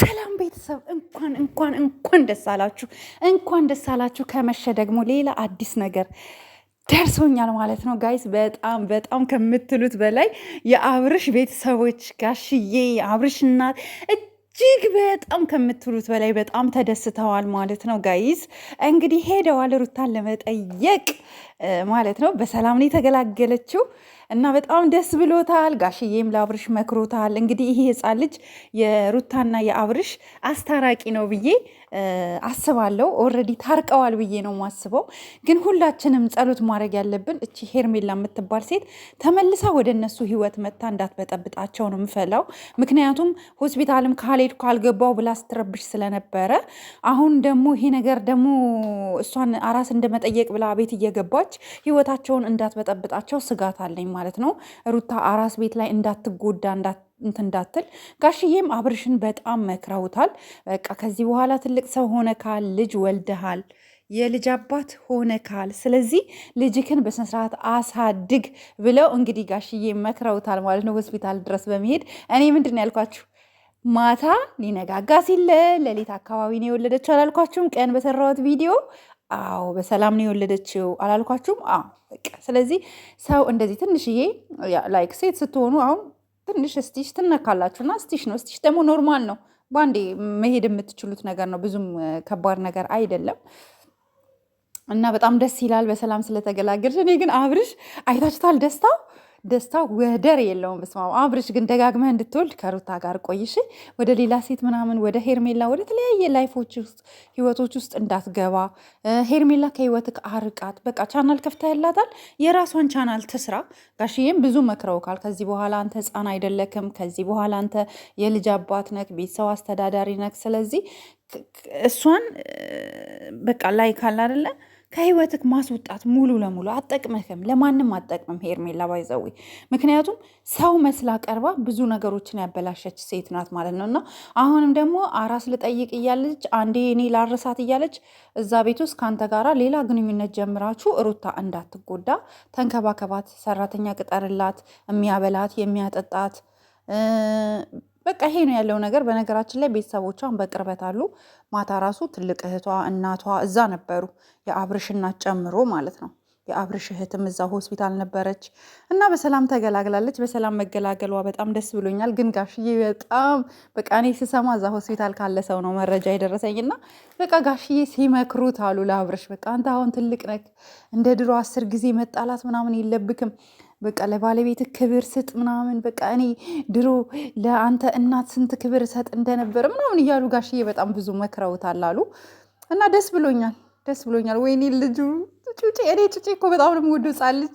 ሰላም ቤተሰብ እንኳን እንኳን እንኳን ደስ አላችሁ፣ እንኳን ደስ አላችሁ። ከመሸ ደግሞ ሌላ አዲስ ነገር ደርሶኛል ማለት ነው ጋይስ። በጣም በጣም ከምትሉት በላይ የአብርሽ ቤተሰቦች ጋሽዬ፣ የአብርሽ እናት እጅግ በጣም ከምትሉት በላይ በጣም ተደስተዋል ማለት ነው ጋይስ። እንግዲህ ሄደዋል ሩታን ለመጠየቅ ማለት ነው። በሰላም ነው የተገላገለችው። እና በጣም ደስ ብሎታል። ጋሽዬም ለአብርሽ መክሮታል። እንግዲህ ይሄ ህፃን ልጅ የሩታና የአብርሽ አስታራቂ ነው ብዬ አስባለሁ። ኦልሬዲ ታርቀዋል ብዬ ነው የማስበው። ግን ሁላችንም ጸሎት ማድረግ ያለብን እቺ ሄርሜላ የምትባል ሴት ተመልሳ ወደ እነሱ ህይወት መታ እንዳትበጠብጣቸው ነው የምፈላው። ምክንያቱም ሆስፒታልም ካልሄድኩ ካልገባው ብላ ስትረብሽ ስለነበረ አሁን ደግሞ ይሄ ነገር ደግሞ እሷን አራስ እንደመጠየቅ ብላ ቤት እየገባች ህይወታቸውን እንዳትበጠብጣቸው ስጋት አለኝ። ማለት ነው። ሩታ አራስ ቤት ላይ እንዳትጎዳ እንትን እንዳትል ጋሽዬም አብርሽን በጣም መክረውታል። በቃ ከዚህ በኋላ ትልቅ ሰው ሆነካል፣ ልጅ ወልደሃል የልጅ አባት ሆነካል። ስለዚህ ልጅክን በስነስርዓት አሳድግ ብለው እንግዲህ ጋሽዬ መክረውታል ማለት ነው። ሆስፒታል ድረስ በመሄድ እኔ ምንድን ነው ያልኳችሁ? ማታ ሊነጋጋ ሲለ ለሌሊት አካባቢ ነው የወለደችው አላልኳችሁም? ቀን በሰራሁት ቪዲዮ አዎ በሰላም ነው የወለደችው አላልኳችሁም? በቃ ስለዚህ ሰው እንደዚህ ትንሽዬ ላይክ ሴት ስትሆኑ አሁን ትንሽ ስቲሽ ትነካላችሁና ስቲሽ ነው ስቲሽ ደግሞ ኖርማል ነው። በአንዴ መሄድ የምትችሉት ነገር ነው። ብዙም ከባድ ነገር አይደለም። እና በጣም ደስ ይላል በሰላም ስለተገላገልሽ። እኔ ግን አብርሽ አይታችሁታል ደስታው ደስታው ወደር የለውም። በስመ አብ አብርሽ ግን ደጋግመህ እንድትወልድ ከሩታ ጋር ቆይሽ፣ ወደ ሌላ ሴት ምናምን ወደ ሄርሜላ ወደ ተለያየ ላይፎች ውስጥ ህይወቶች ውስጥ እንዳትገባ ሄርሜላ ከህይወት አርቃት። በቃ ቻናል ከፍታ ያላታል የራሷን ቻናል ትስራ። ጋሽዬም ብዙ መክረውካል። ከዚህ በኋላ አንተ ህፃን አይደለክም። ከዚህ በኋላ አንተ የልጅ አባት ነክ ቤተሰብ አስተዳዳሪ ነክ። ስለዚህ እሷን በቃ ላይ ካል ከህይወትክ ማስወጣት ሙሉ ለሙሉ አጠቅምህም፣ ለማንም አጠቅምም። ሄርሜላ ባይዘዊ ምክንያቱም ሰው መስላ ቀርባ ብዙ ነገሮችን ያበላሸች ሴት ናት ማለት ነው። እና አሁንም ደግሞ አራስ ልጠይቅ እያለች አንዴ እኔ ላረሳት እያለች እዛ ቤት ውስጥ ከአንተ ጋራ ሌላ ግንኙነት ጀምራችሁ ሩታ እንዳትጎዳ ተንከባከባት፣ ሰራተኛ ቅጠርላት፣ የሚያበላት የሚያጠጣት በቃ ይሄ ነው ያለው ነገር። በነገራችን ላይ ቤተሰቦቿን በቅርበት አሉ። ማታ ራሱ ትልቅ እህቷ እናቷ እዛ ነበሩ፣ የአብርሽ እናት ጨምሮ ማለት ነው። የአብርሽ እህትም እዛ ሆስፒታል ነበረች እና በሰላም ተገላግላለች። በሰላም መገላገሏ በጣም ደስ ብሎኛል። ግን ጋሽዬ በጣም በቃ እኔ ስሰማ እዛ ሆስፒታል ካለ ሰው ነው መረጃ የደረሰኝ እና በቃ ጋሽዬ ሲመክሩት አሉ ለአብርሽ በቃ አንተ አሁን ትልቅ ነክ እንደ ድሮ አስር ጊዜ መጣላት ምናምን የለብክም። በቃ ለባለቤት ክብር ስጥ ምናምን በቃ እኔ ድሮ ለአንተ እናት ስንት ክብር ሰጥ እንደነበረ ምናምን እያሉ ጋሽዬ በጣም ብዙ መክረውታል አሉ እና ደስ ብሎኛል፣ ደስ ብሎኛል። ወይኔ ልጁ ጩጬ እኔ ጩጬ እኮ በጣም ነው የምወደው። ህፃን ልጅ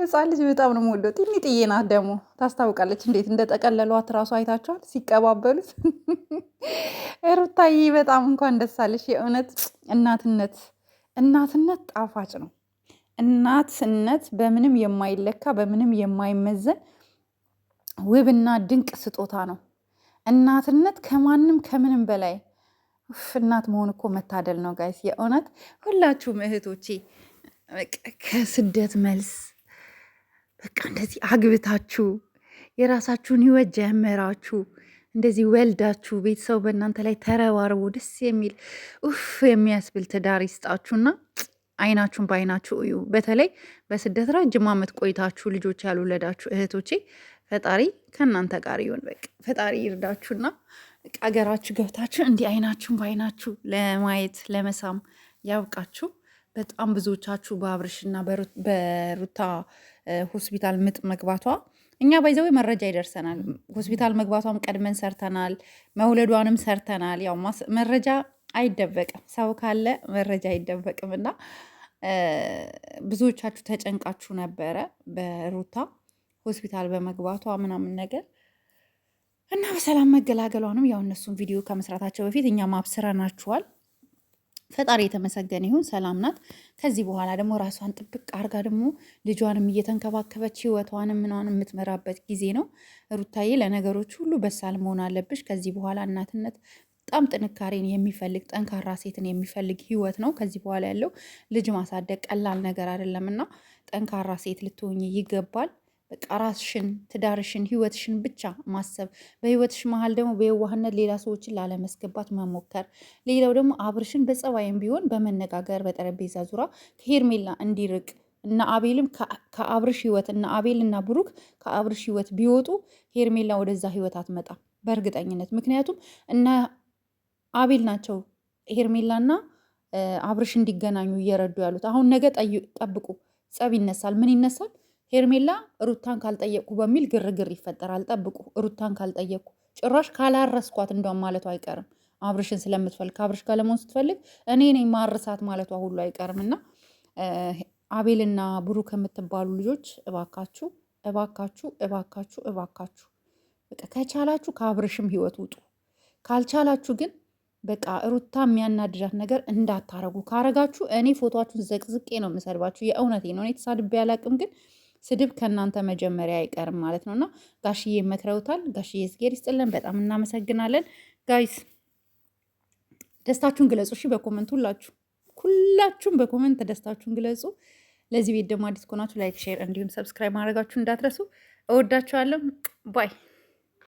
ህፃን ልጅ በጣም ነው የምወደው። ጥንጥዬ ናት ደግሞ ታስታውቃለች። እንዴት እንደጠቀለሏት ራሱ አይታችኋል ሲቀባበሉት። ሩታዬ በጣም እንኳን ደስ አለሽ። የእውነት እናትነት እናትነት ጣፋጭ ነው። እናትነት በምንም የማይለካ በምንም የማይመዘን ውብና ድንቅ ስጦታ ነው። እናትነት ከማንም ከምንም በላይ እናት መሆን እኮ መታደል ነው ጋይስ። የእውነት ሁላችሁም እህቶቼ ከስደት መልስ በቃ እንደዚህ አግብታችሁ የራሳችሁን ህይወት ጀመራችሁ፣ እንደዚህ ወልዳችሁ ቤተሰቡ በእናንተ ላይ ተረባርቦ ደስ የሚል ኡፍ የሚያስብል ትዳር ይስጣችሁና አይናችሁን በአይናችሁ እዩ። በተለይ በስደት ረጅም ዓመት ቆይታችሁ ልጆች ያልወለዳችሁ እህቶቼ ፈጣሪ ከእናንተ ጋር ይሁን። በቃ ፈጣሪ ይርዳችሁና አገራችሁ ገብታችሁ እንዲህ አይናችሁን በአይናችሁ ለማየት ለመሳም ያብቃችሁ። በጣም ብዙዎቻችሁ በአብርሽና በሩታ ሆስፒታል ምጥ መግባቷ እኛ ባይዘው መረጃ ይደርሰናል። ሆስፒታል መግባቷም ቀድመን ሰርተናል፣ መውለዷንም ሰርተናል። ያው መረጃ አይደበቅም፣ ሰው ካለ መረጃ አይደበቅም። እና ብዙዎቻችሁ ተጨንቃችሁ ነበረ በሩታ ሆስፒታል በመግባቷ ምናምን ነገር እና በሰላም መገላገሏንም ያው እነሱን ቪዲዮ ከመስራታቸው በፊት እኛ ማብስረናችኋል። ፈጣሪ የተመሰገነ ይሁን ሰላም ናት። ከዚህ በኋላ ደግሞ ራሷን ጥብቅ አርጋ ደግሞ ልጇንም እየተንከባከበች ህይወቷንም ምኗን የምትመራበት ጊዜ ነው። ሩታዬ ለነገሮች ሁሉ በሳል መሆን አለብሽ። ከዚህ በኋላ እናትነት በጣም ጥንካሬን የሚፈልግ ጠንካራ ሴትን የሚፈልግ ህይወት ነው። ከዚህ በኋላ ያለው ልጅ ማሳደግ ቀላል ነገር አይደለም እና ጠንካራ ሴት ልትሆኝ ይገባል። በቃ ራስሽን፣ ትዳርሽን፣ ህይወትሽን ብቻ ማሰብ፣ በህይወትሽ መሀል ደግሞ በየዋህነት ሌላ ሰዎችን ላለመስገባት መሞከር። ሌላው ደግሞ አብርሽን በጸባይም ቢሆን በመነጋገር በጠረጴዛ ዙራ ከሄርሜላ እንዲርቅ እና አቤልም ከአብርሽ ህይወት እና አቤል እና ብሩክ ከአብርሽ ህይወት ቢወጡ ሄርሜላ ወደዛ ህይወት አትመጣ በእርግጠኝነት። ምክንያቱም እና አቤል ናቸው ሄርሜላና አብርሽ እንዲገናኙ እየረዱ ያሉት። አሁን ነገ ጠብቁ፣ ጸብ ይነሳል፣ ምን ይነሳል ሄርሜላ ሩታን ካልጠየቅኩ በሚል ግርግር ይፈጠራል። ጠብቁ። ሩታን ካልጠየቅኩ ጭራሽ ካላረስኳት እንደውም ማለቱ አይቀርም። አብርሽን ስለምትፈልግ ከአብርሽ ጋር ለመሆን ስትፈልግ እኔ ነኝ ማርሳት ማለቷ ሁሉ አይቀርም እና አቤልና ብሩክ ከምትባሉ ልጆች እባካችሁ እባካችሁ እባካችሁ እባካችሁ በቃ ከቻላችሁ ከአብርሽም ህይወት ውጡ። ካልቻላችሁ ግን በቃ ሩታ የሚያናድዳት ነገር እንዳታረጉ። ካረጋችሁ እኔ ፎቶችሁን ዘቅዝቄ ነው የምሰድባችሁ። የእውነቴ ነው። እኔ ተሳድቤ አላቅም ግን ስድብ ከእናንተ መጀመሪያ አይቀርም ማለት ነው እና ጋሽዬ መክረውታል። ጋሽዬ ስጌር ይስጥልን። በጣም እናመሰግናለን ጋይስ። ደስታችሁን ግለጹ እሺ፣ በኮመንት ሁላችሁ ሁላችሁም በኮመንት ደስታችሁን ግለጹ። ለዚህ ቤት ደግሞ አዲስ ከሆናችሁ ላይክ፣ ሼር እንዲሁም ሰብስክራይብ ማድረጋችሁ እንዳትረሱ። እወዳችኋለሁ። ባይ